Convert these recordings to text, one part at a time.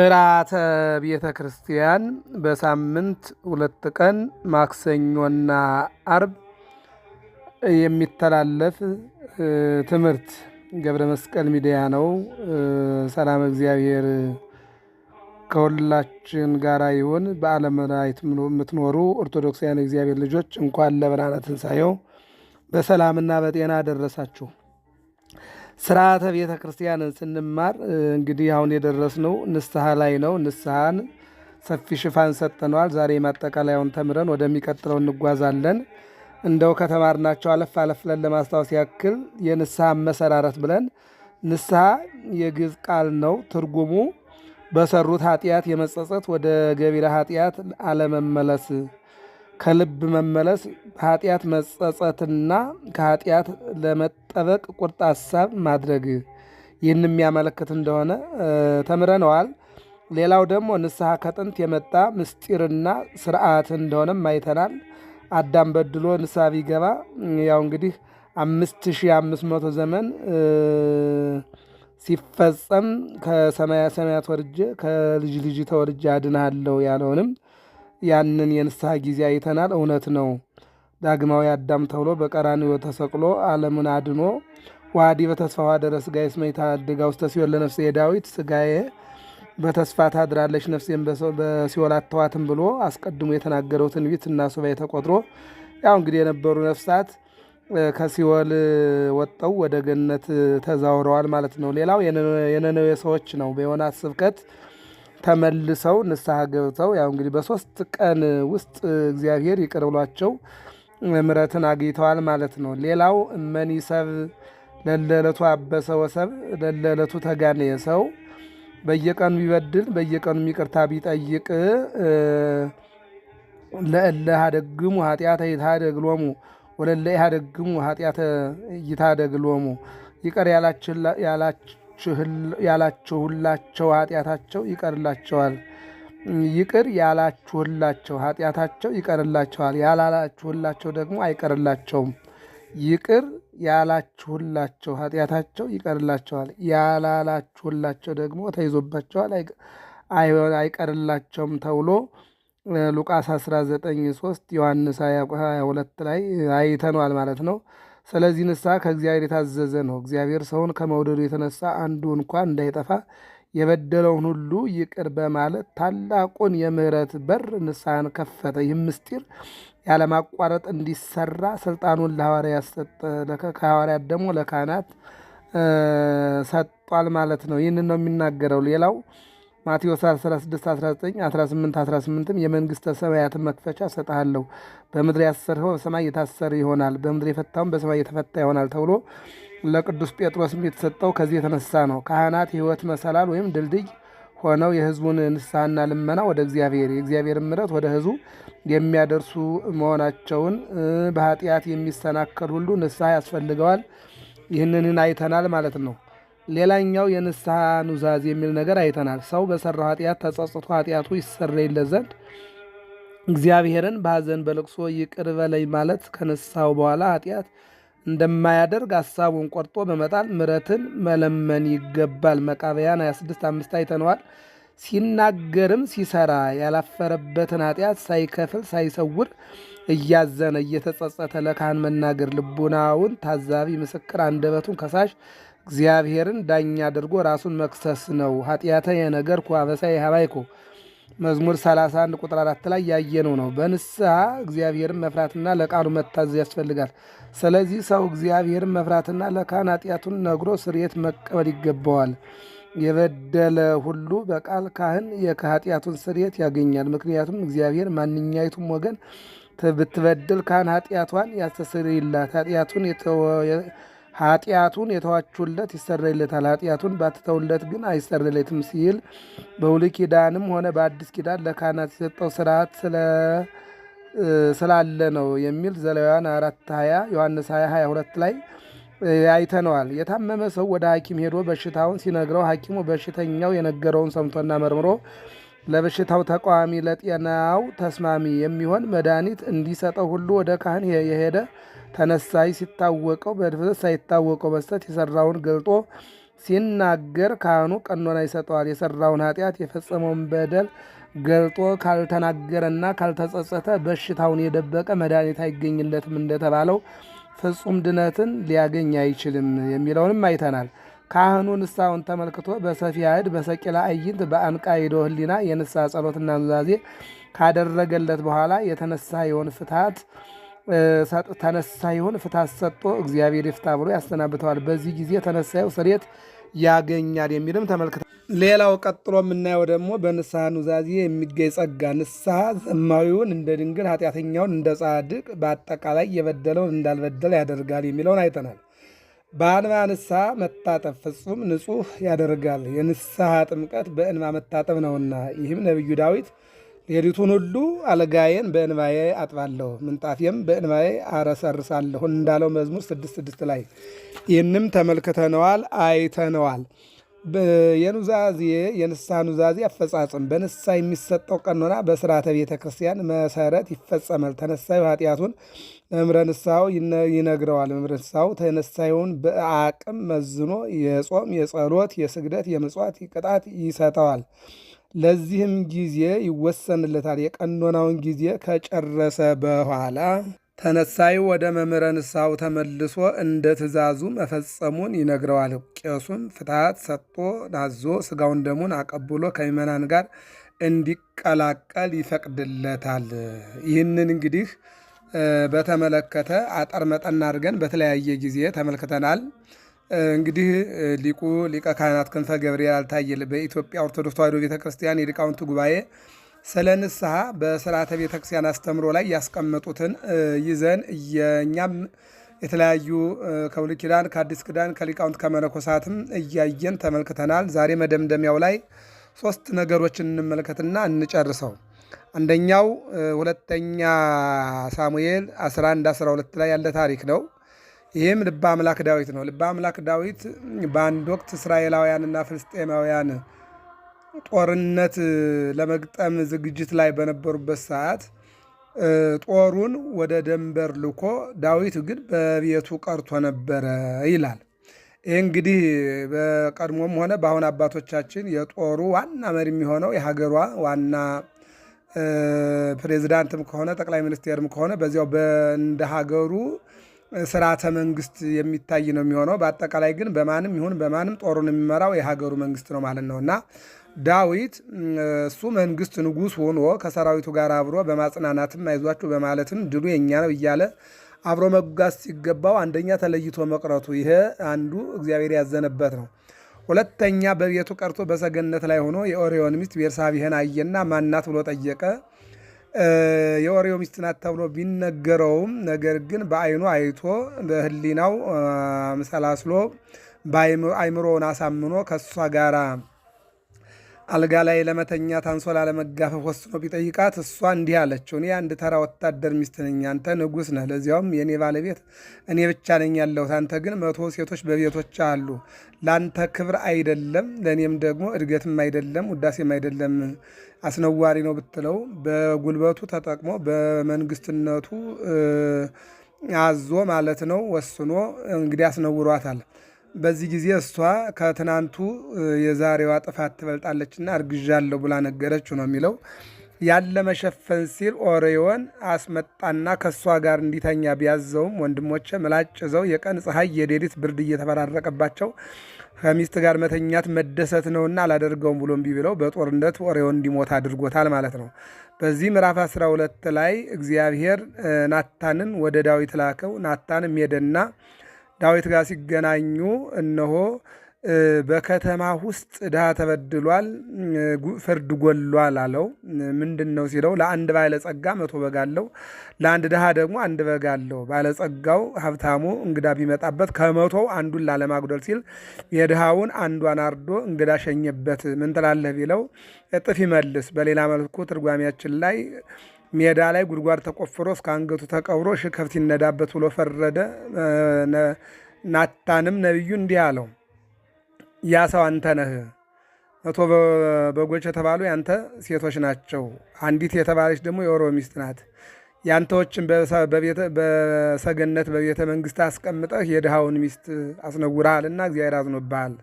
ምራተ ቤተ ክርስቲያን በሳምንት ሁለት ቀን ማክሰኞና አርብ የሚተላለፍ ትምህርት ገብረ መስቀል ሚዲያ ነው። ሰላም እግዚአብሔር ከሁላችን ጋር ይሁን። በዓለም ላይ የምትኖሩ ኦርቶዶክሳውያን እግዚአብሔር ልጆች እንኳን ለብርሃነ ትንሣኤው በሰላምና በጤና ደረሳችሁ። ስርዓተ ቤተ ክርስቲያንን ስንማር እንግዲህ አሁን የደረስነው ንስሐ ላይ ነው። ንስሐን ሰፊ ሽፋን ሰጥተነዋል። ዛሬ ማጠቃለያውን ተምረን ወደሚቀጥለው እንጓዛለን። እንደው ከተማርናቸው አለፍ አለፍ ብለን ለማስታወስ ያክል የንስሐ መሰራረት ብለን ንስሐ የግዕዝ ቃል ነው። ትርጉሙ በሰሩት ኃጢአት የመጸጸት ወደ ገቢረ ኃጢአት አለመመለስ ከልብ መመለስ ኃጢአት መጸጸትና ከኃጢአት ለመጠበቅ ቁርጥ ሀሳብ ማድረግ ይህን የሚያመለክት እንደሆነ ተምረነዋል። ሌላው ደግሞ ንስሐ ከጥንት የመጣ ምስጢርና ስርዓት እንደሆነም አይተናል። አዳም በድሎ ንስሐ ቢገባ ያው እንግዲህ አምስት ሺህ አምስት መቶ ዘመን ሲፈጸም ከሰማያ ሰማያት ወርጄ ከልጅ ልጅ ተወርጄ አድንሃለሁ ያለውንም ያንን የንስሐ ጊዜ አይተናል። እውነት ነው። ዳግማዊ አዳም ተብሎ በቀራንዮ ተሰቅሎ ዓለምን አድኖ ዋዲ በተስፋ ዋደረ ስጋ ስመ ይታድጋ ውስተ ሲኦል ለነፍሴ የዳዊት ስጋዬ በተስፋ ታድራለች ነፍሴን በሲኦል አተዋትም ብሎ አስቀድሞ የተናገረው ትንቢት እና ሱባኤ ተቆጥሮ ያው እንግዲህ የነበሩ ነፍሳት ከሲኦል ወጠው ወደ ገነት ተዛውረዋል ማለት ነው። ሌላው የነነዌ ሰዎች ነው። በዮናስ ስብከት ተመልሰው ንስሐ ገብተው ያው እንግዲህ በሶስት ቀን ውስጥ እግዚአብሔር ይቅር ብሏቸው ምሕረትን አግኝተዋል ማለት ነው። ሌላው ሰብ ለለለቱ አበሰ ወሰብ ለለለቱ ተጋነ ሰው በየቀኑ ቢበድል በየቀኑ ይቅርታ ቢጠይቅ ለእለ ሃደግሙ ኃጢአተ ይታደግሎሙ ወለለ ሃደግሙ ኃጢአተ ይታደግሎሙ ይቀር ያላችሁ ያላችሁላቸው ኃጢአታቸው ይቀርላቸዋል ይቅር ያላችሁላቸው ኃጢአታቸው ይቀርላቸዋል፣ ያላላችሁላቸው ደግሞ አይቀርላቸውም። ይቅር ያላችሁላቸው ኃጢአታቸው ይቀርላቸዋል፣ ያላላችሁላቸው ደግሞ ተይዞባቸዋል፣ አይቀርላቸውም ተብሎ ሉቃስ 19 3 ዮሐንስ 22 ላይ አይተኗል ማለት ነው። ስለዚህ ንስሐ ከእግዚአብሔር የታዘዘ ነው። እግዚአብሔር ሰውን ከመውደዱ የተነሳ አንዱ እንኳ እንዳይጠፋ የበደለውን ሁሉ ይቅር በማለት ታላቁን የምሕረት በር ንስሐን ከፈተ። ይህ ምስጢር ያለማቋረጥ እንዲሰራ ስልጣኑን ለሐዋርያት ሰጠ። ከሐዋርያት ደግሞ ለካህናት ሰጧል ማለት ነው። ይህንን ነው የሚናገረው ሌላው ማቴዎስ 16 19 18 18ም የመንግሥተ ሰማያትን መክፈቻ እሰጥሃለሁ በምድር ያሰርኸው በሰማይ የታሰረ ይሆናል፣ በምድር የፈታውም በሰማይ የተፈታ ይሆናል ተብሎ ለቅዱስ ጴጥሮስም የተሰጠው ከዚህ የተነሳ ነው። ካህናት የሕይወት መሰላል ወይም ድልድይ ሆነው የሕዝቡን ንስሐና ልመና ወደ እግዚአብሔር የእግዚአብሔር ምሕረት ወደ ሕዝቡ የሚያደርሱ መሆናቸውን በኃጢአት የሚሰናከል ሁሉ ንስሐ ያስፈልገዋል። ይህንን አይተናል ማለት ነው። ሌላኛው የንስሐ ኑዛዝ የሚል ነገር አይተናል። ሰው በሰራው ኃጢአት ተጸጽቶ ኃጢአቱ ይሰረይለት ዘንድ እግዚአብሔርን በሐዘን በልቅሶ ይቅር በለኝ ማለት ከንስሐው በኋላ ኃጢአት እንደማያደርግ ሀሳቡን ቆርጦ በመጣል ምረትን መለመን ይገባል። መቃብያን 26 አምስት አይተነዋል። ሲናገርም ሲሰራ ያላፈረበትን ኃጢአት ሳይከፍል ሳይሰውር እያዘነ እየተጸጸተ ለካህን መናገር፣ ልቡናውን ታዛቢ ምስክር፣ አንደበቱን ከሳሽ እግዚአብሔርን ዳኛ አድርጎ ራሱን መክሰስ ነው። ኃጢአተ የነገርኩ አበሳየ ሀባይኮ መዝሙር 31 ቁጥር 4 ላይ ያየነው ነው። በንስሐ እግዚአብሔርን መፍራትና ለቃሉ መታዘዝ ያስፈልጋል። ስለዚህ ሰው እግዚአብሔርን መፍራትና ለካህን ኃጢአቱን ነግሮ ስርየት መቀበል ይገባዋል። የበደለ ሁሉ በቃል ካህን የኃጢአቱን ስርየት ያገኛል። ምክንያቱም እግዚአብሔር ማንኛይቱም ወገን ብትበድል ካህን ኃጢአቷን ያስተሰርይላት ኃጢአቱን ኃጢአቱን የተዋችሁለት ይሰረይለታል፣ ኃጢአቱን ባትተውለት ግን አይሰረይለትም ሲል በብሉይ ኪዳንም ሆነ በአዲስ ኪዳን ለካህናት የሰጠው ስርዓት ስላለ ነው የሚል ዘሌዋውያን አራት ሀያ ዮሐንስ ሀያ ሀያ ሁለት ላይ አይተነዋል። የታመመ ሰው ወደ ሐኪም ሄዶ በሽታውን ሲነግረው ሐኪሙ በሽተኛው የነገረውን ሰምቶና መርምሮ ለበሽታው ተቃዋሚ ለጤናው ተስማሚ የሚሆን መድኃኒት እንዲሰጠው ሁሉ ወደ ካህን የሄደ ተነሳይ ሲታወቀው በድፍረት ሳይታወቀው በስተት የሰራውን ገልጦ ሲናገር ካህኑ ቀኖና ይሰጠዋል። የሰራውን ኃጢአት የፈጸመውን በደል ገልጦ ካልተናገረና ካልተጸጸተ በሽታውን የደበቀ መድኃኒት አይገኝለትም እንደተባለው ፍጹም ድነትን ሊያገኝ አይችልም የሚለውንም አይተናል። ካህኑ ንስሐውን ተመልክቶ በሰፊያድ በሰቂላ አይንት በአንቃይዶ ህሊና የንስሐ ጸሎትና ኑዛዜ ካደረገለት በኋላ የተነሳ ይሆን ፍትሐት ተነሳ ይሆን ፍትሐት ሰጥቶ እግዚአብሔር ይፍታ ብሎ ያሰናብተዋል። በዚህ ጊዜ ተነሳዩ ስሬት ያገኛል የሚልም ተመልክተ ሌላው ቀጥሎ የምናየው ደግሞ በንስሐ ኑዛዜ የሚገኝ ጸጋ። ንስሐ ዘማዊውን እንደ ድንግል ኃጢአተኛውን እንደ ጻድቅ በአጠቃላይ የበደለውን እንዳልበደለ ያደርጋል የሚለውን አይተናል። በአንባ ንስሐ መታጠብ ፍጹም ንጹሕ ያደርጋል። የንስሐ ጥምቀት በእንባ መታጠብ ነውና፣ ይህም ነቢዩ ዳዊት ሌሊቱን ሁሉ አልጋዬን በእንባዬ አጥባለሁ፣ ምንጣፌም በእንባዬ አረሰርሳለሁ እንዳለው መዝሙር ስድስት ስድስት ላይ ይህንም ተመልክተነዋል፣ አይተነዋል። የኑዛዜ የንስሐ ኑዛዜ አፈጻጽም በንስሐ የሚሰጠው ቀኖና በስርዓተ ቤተ ክርስቲያን መሰረት ይፈጸማል። ተነሳዩ ኃጢአቱን እምረ ንስሐው ይነግረዋል። እምረ ንስሐው በአቅም መዝኖ የጾም የጸሎት የስግደት የምጽዋት ቅጣት ይሰጠዋል። ለዚህም ጊዜ ይወሰንለታል። የቀኖናውን ጊዜ ከጨረሰ በኋላ ተነሳዩ ወደ መምህረ ንስሐው ተመልሶ እንደ ትእዛዙ መፈጸሙን ይነግረዋል። ቄሱም ፍትሐት ሰጥቶ ናዞ ስጋውን ደሙን አቀብሎ ከምእመናን ጋር እንዲቀላቀል ይፈቅድለታል። ይህንን እንግዲህ በተመለከተ አጠር መጠን አድርገን በተለያየ ጊዜ ተመልክተናል። እንግዲህ ሊቁ ሊቀ ካህናት ክንፈ ገብርኤል አልታየል በኢትዮጵያ ኦርቶዶክስ ተዋሕዶ ቤተክርስቲያን የሊቃውንቱ ጉባኤ ስለ ንስሐ በስርዓተ ቤተክርስቲያን አስተምሮ ላይ ያስቀመጡትን ይዘን እኛም የተለያዩ ከብሉይ ኪዳን ከአዲስ ኪዳን ከሊቃውንት ከመነኮሳትም እያየን ተመልክተናል። ዛሬ መደምደሚያው ላይ ሶስት ነገሮችን እንመልከትና እንጨርሰው። አንደኛው ሁለተኛ ሳሙኤል 11 12 ላይ ያለ ታሪክ ነው። ይህም ልበ አምላክ ዳዊት ነው። ልበ አምላክ ዳዊት በአንድ ወቅት እስራኤላውያንና ፍልስጤማውያን ጦርነት ለመግጠም ዝግጅት ላይ በነበሩበት ሰዓት ጦሩን ወደ ደንበር ልኮ ዳዊት ግን በቤቱ ቀርቶ ነበረ ይላል። ይህ እንግዲህ በቀድሞም ሆነ በአሁን አባቶቻችን የጦሩ ዋና መሪ የሚሆነው የሀገሯ ዋና ፕሬዚዳንትም ከሆነ ጠቅላይ ሚኒስቴርም ከሆነ በዚያው በእንደ ሀገሩ ስርዓተ መንግስት የሚታይ ነው የሚሆነው። በአጠቃላይ ግን በማንም ይሁን በማንም ጦሩን የሚመራው የሀገሩ መንግስት ነው ማለት ነው እና ዳዊት እሱ መንግስት ንጉስ ሆኖ ከሰራዊቱ ጋር አብሮ በማጽናናትም አይዟችሁ በማለትም ድሉ የኛ ነው እያለ አብሮ መጓዝ ሲገባው አንደኛ ተለይቶ መቅረቱ ይሄ አንዱ እግዚአብሔር ያዘነበት ነው። ሁለተኛ በቤቱ ቀርቶ በሰገነት ላይ ሆኖ የኦሪዮን ሚስት ቤርሳቤህን አየና ማናት ብሎ ጠየቀ። የኦሪዮ ሚስት ናት ተብሎ ቢነገረውም ነገር ግን በአይኑ አይቶ በህሊናው ምሰላስሎ በአይምሮውን አሳምኖ ከእሷ ጋራ አልጋ ላይ ለመተኛ ታንሶላ ለመጋፈፍ ወስኖ ቢጠይቃት እሷ እንዲህ አለችው፣ እኔ አንድ ተራ ወታደር ሚስት ነኝ፣ አንተ ንጉሥ ነህ፣ ለዚያውም የእኔ ባለቤት እኔ ብቻ ነኝ ያለሁት። አንተ ግን መቶ ሴቶች በቤቶች አሉ። ለአንተ ክብር አይደለም፣ ለእኔም ደግሞ እድገትም አይደለም፣ ውዳሴም አይደለም፣ አስነዋሪ ነው ብትለው በጉልበቱ ተጠቅሞ በመንግስትነቱ አዞ ማለት ነው ወስኖ እንግዲህ አስነውሯታል። በዚህ ጊዜ እሷ ከትናንቱ የዛሬዋ ጥፋት ትበልጣለችና እርግዣለሁ ብላ ነገረችው ነው የሚለው። ያለ መሸፈን ሲል ኦሬዮን አስመጣና ከእሷ ጋር እንዲተኛ ቢያዘውም ወንድሞቼ ምላጭ ይዘው የቀን ፀሐይ የሌሊት ብርድ እየተፈራረቀባቸው ከሚስት ጋር መተኛት መደሰት ነውና አላደርገውም ብሎ እምቢ ብለው በጦርነት ኦሬዮን እንዲሞት አድርጎታል ማለት ነው። በዚህ ምዕራፍ 12 ላይ እግዚአብሔር ናታንን ወደ ዳዊት ላከው። ናታንም ሄደና ዳዊት ጋር ሲገናኙ እነሆ በከተማ ውስጥ ድሃ ተበድሏል፣ ፍርድ ጎሏል አለው። ምንድን ነው ሲለው ለአንድ ባለጸጋ መቶ በግ አለው፣ ለአንድ ድሃ ደግሞ አንድ በግ አለው። ባለጸጋው ሀብታሙ እንግዳ ቢመጣበት ከመቶው አንዱን ላለማጉደል ሲል የድሃውን አንዷን አርዶ እንግዳ ሸኘበት። ምን ትላለህ ቢለው እጥፍ ይመልስ። በሌላ መልኩ ትርጓሚያችን ላይ ሜዳ ላይ ጉድጓድ ተቆፍሮ እስከ አንገቱ ተቀብሮ ሽከፍት ይነዳበት ብሎ ፈረደ። ናታንም ነቢዩ እንዲህ አለው፣ ያ ሰው አንተ ነህ። መቶ በጎች የተባሉ ያንተ ሴቶች ናቸው። አንዲት የተባለች ደግሞ የኦሮ ሚስት ናት። ያንተዎችን በሰገነት በቤተ መንግስት አስቀምጠህ የድሃውን ሚስት አስነውረሃልና እግዚአብሔር አዝኖብሃል።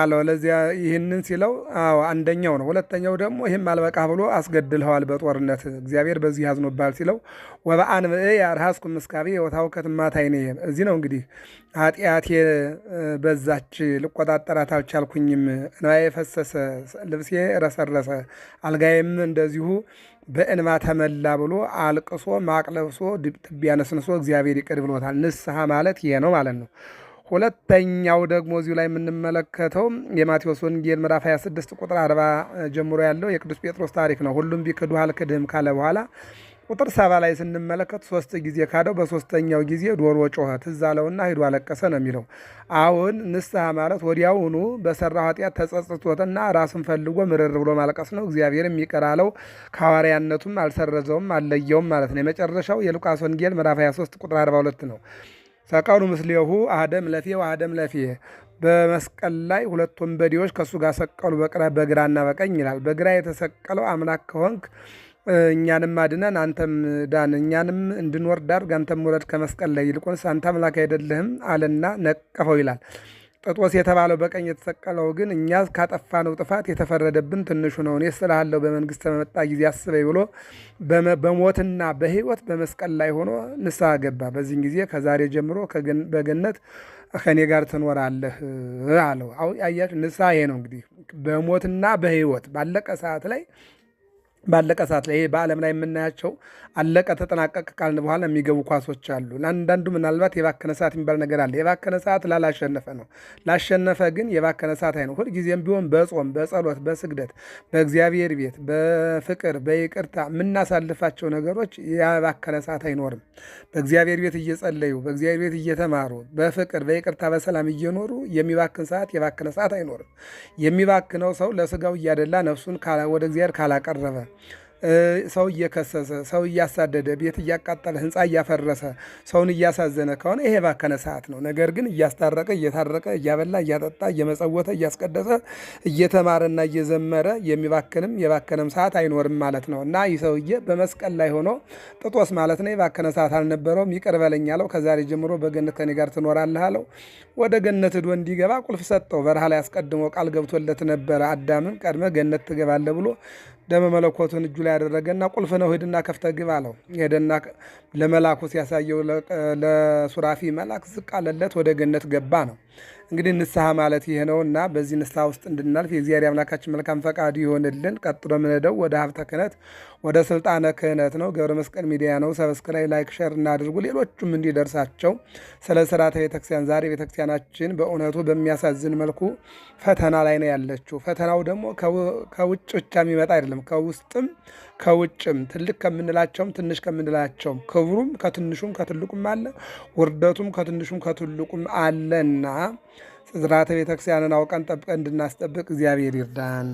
አለው። ለዚያ ይህንን ሲለው አዎ አንደኛው ነው። ሁለተኛው ደግሞ ይህም አልበቃ ብሎ አስገድልኸዋል በጦርነት እግዚአብሔር በዚህ ያዝኖባል ሲለው ወበአን ብእ ያርሃስኩ ምስካቢ የወታውከት ማታይነ እዚህ ነው እንግዲህ ኃጢአቴ በዛች ልቆጣጠራት አልቻልኩኝም። እንባዬ የፈሰሰ ልብሴ ረሰረሰ፣ አልጋዬም እንደዚሁ በእንባ ተመላ ብሎ አልቅሶ ማቅለብሶ ድብጥብ ያነስንሶ እግዚአብሔር ይቅር ብሎታል። ንስሐ ማለት ይሄ ነው ማለት ነው። ሁለተኛው ደግሞ እዚሁ ላይ የምንመለከተው የማቴዎስ ወንጌል ምዕራፍ 26 ቁጥር 40 ጀምሮ ያለው የቅዱስ ጴጥሮስ ታሪክ ነው። ሁሉም ቢክዱ አልክድህም ካለ በኋላ ቁጥር ሰባ ላይ ስንመለከት ሶስት ጊዜ ካደው፣ በሶስተኛው ጊዜ ዶሮ ጮኸ፣ ትዝ አለውና ሂዶ አለቀሰ ነው የሚለው። አሁን ንስሐ ማለት ወዲያውኑ በሰራው ኃጢአት ተጸጽቶትና ራሱን ፈልጎ ምርር ብሎ ማልቀስ ነው። እግዚአብሔር የሚቀር አለው፣ ከሐዋርያነቱም አልሰረዘውም አልለየውም ማለት ነው። የመጨረሻው የሉቃስ ወንጌል ምዕራፍ 23 ቁጥር 42 ነው። ሰቀሉ ምስሌሁ አህደ እምለፌ ወአህደ እምለፌ በመስቀል ላይ ሁለት ወንበዴዎች ከእሱ ጋር ሰቀሉ በግራና በቀኝ ይላል። በግራ የተሰቀለው አምላክ ከሆንክ እኛንም አድነን አንተም ዳን፣ እኛንም እንድንወርድ አድርግ፣ አንተም ውረድ ከመስቀል ላይ ይልቁንስ አንተ አምላክ አይደለህም አለና ነቀፈው ይላል። ጥጦስ የተባለው በቀኝ የተሰቀለው ግን እኛስ ካጠፋነው ጥፋት የተፈረደብን ትንሹ ነው፣ እኔ ስላለው በመንግስት በመጣ ጊዜ አስበኝ ብሎ በሞትና በሕይወት በመስቀል ላይ ሆኖ ንስሐ ገባ። በዚህን ጊዜ ከዛሬ ጀምሮ በገነት ከእኔ ጋር ትኖራለህ አለው። አሁ ያያችሁ ንስሐ ይሄ ነው እንግዲህ በሞትና በሕይወት ባለቀ ሰዓት ላይ ባለቀ ሰዓት ላይ በዓለም ላይ የምናያቸው አለቀ ተጠናቀቀ ካልን በኋላ የሚገቡ ኳሶች አሉ። ለአንዳንዱ ምናልባት የባከነ ሰዓት የሚባል ነገር አለ። የባከነ ሰዓት ላላሸነፈ ነው። ላሸነፈ ግን የባከነ ሰዓት አይነው። ሁልጊዜም ቢሆን በጾም በጸሎት፣ በስግደት፣ በእግዚአብሔር ቤት፣ በፍቅር በይቅርታ የምናሳልፋቸው ነገሮች የባከነ ሰዓት አይኖርም። በእግዚአብሔር ቤት እየጸለዩ በእግዚአብሔር ቤት እየተማሩ በፍቅር በይቅርታ በሰላም እየኖሩ የሚባክን ሰዓት የባከነ ሰዓት አይኖርም። የሚባክነው ሰው ለስጋው እያደላ ነፍሱን ወደ እግዚአብሔር ካላቀረበ ሰው እየከሰሰ ሰው እያሳደደ ቤት እያቃጠለ ህንፃ እያፈረሰ ሰውን እያሳዘነ ከሆነ ይሄ ባከነ ሰዓት ነው። ነገር ግን እያስታረቀ እየታረቀ እያበላ እያጠጣ እየመጸወተ እያስቀደሰ እየተማረና እየዘመረ የሚባክንም የባከነም ሰዓት አይኖርም ማለት ነው እና ይህ ሰውዬ በመስቀል ላይ ሆኖ ጥጦስ ማለት ነው የባከነ ሰዓት አልነበረውም። ይቅር በለኝ አለው። ከዛሬ ጀምሮ በገነት ከኔ ጋር ትኖራለህ አለው። ወደ ገነት ሂዶ እንዲገባ ቁልፍ ሰጠው። በረሃ ላይ አስቀድሞ ቃል ገብቶለት ነበረ። አዳምም ቀድመ ገነት ትገባለ ብሎ ደመ መለኮቱን እጁ ላይ ያደረገና ቁልፍ ነው ሂድና ከፍተ ግብ አለው። ሄደና ለመላኩ ሲያሳየው ለሱራፊ መላክ ዝቅ አለለት፣ ወደ ገነት ገባ ነው። እንግዲህ ንስሐ ማለት ይሄ ነው እና በዚህ ንስሐ ውስጥ እንድናልፍ የእግዚአብሔር አምላካችን መልካም ፈቃድ ይሆንልን። ቀጥሎ የምንሄደው ወደ ሀብተ ክህነት ወደ ስልጣነ ክህነት ነው። ገብረ መስቀል ሚዲያ ነው። ሰብስክራይብ፣ ላይክ፣ ሸር እናድርጉ ሌሎቹም እንዲደርሳቸው። ስለ ስርዓተ ቤተክርስቲያን ዛሬ ቤተክርስቲያናችን በእውነቱ በሚያሳዝን መልኩ ፈተና ላይ ነው ያለችው። ፈተናው ደግሞ ከውጭ ብቻ የሚመጣ አይደለም ከውስጥም ከውጭም ትልቅ ከምንላቸውም ትንሽ ከምንላቸውም ክብሩም ከትንሹም ከትልቁም አለ፣ ውርደቱም ከትንሹም ከትልቁም አለና ስርዓተ ቤተክርስቲያንን አውቀን ጠብቀን እንድናስጠብቅ እግዚአብሔር ይርዳን።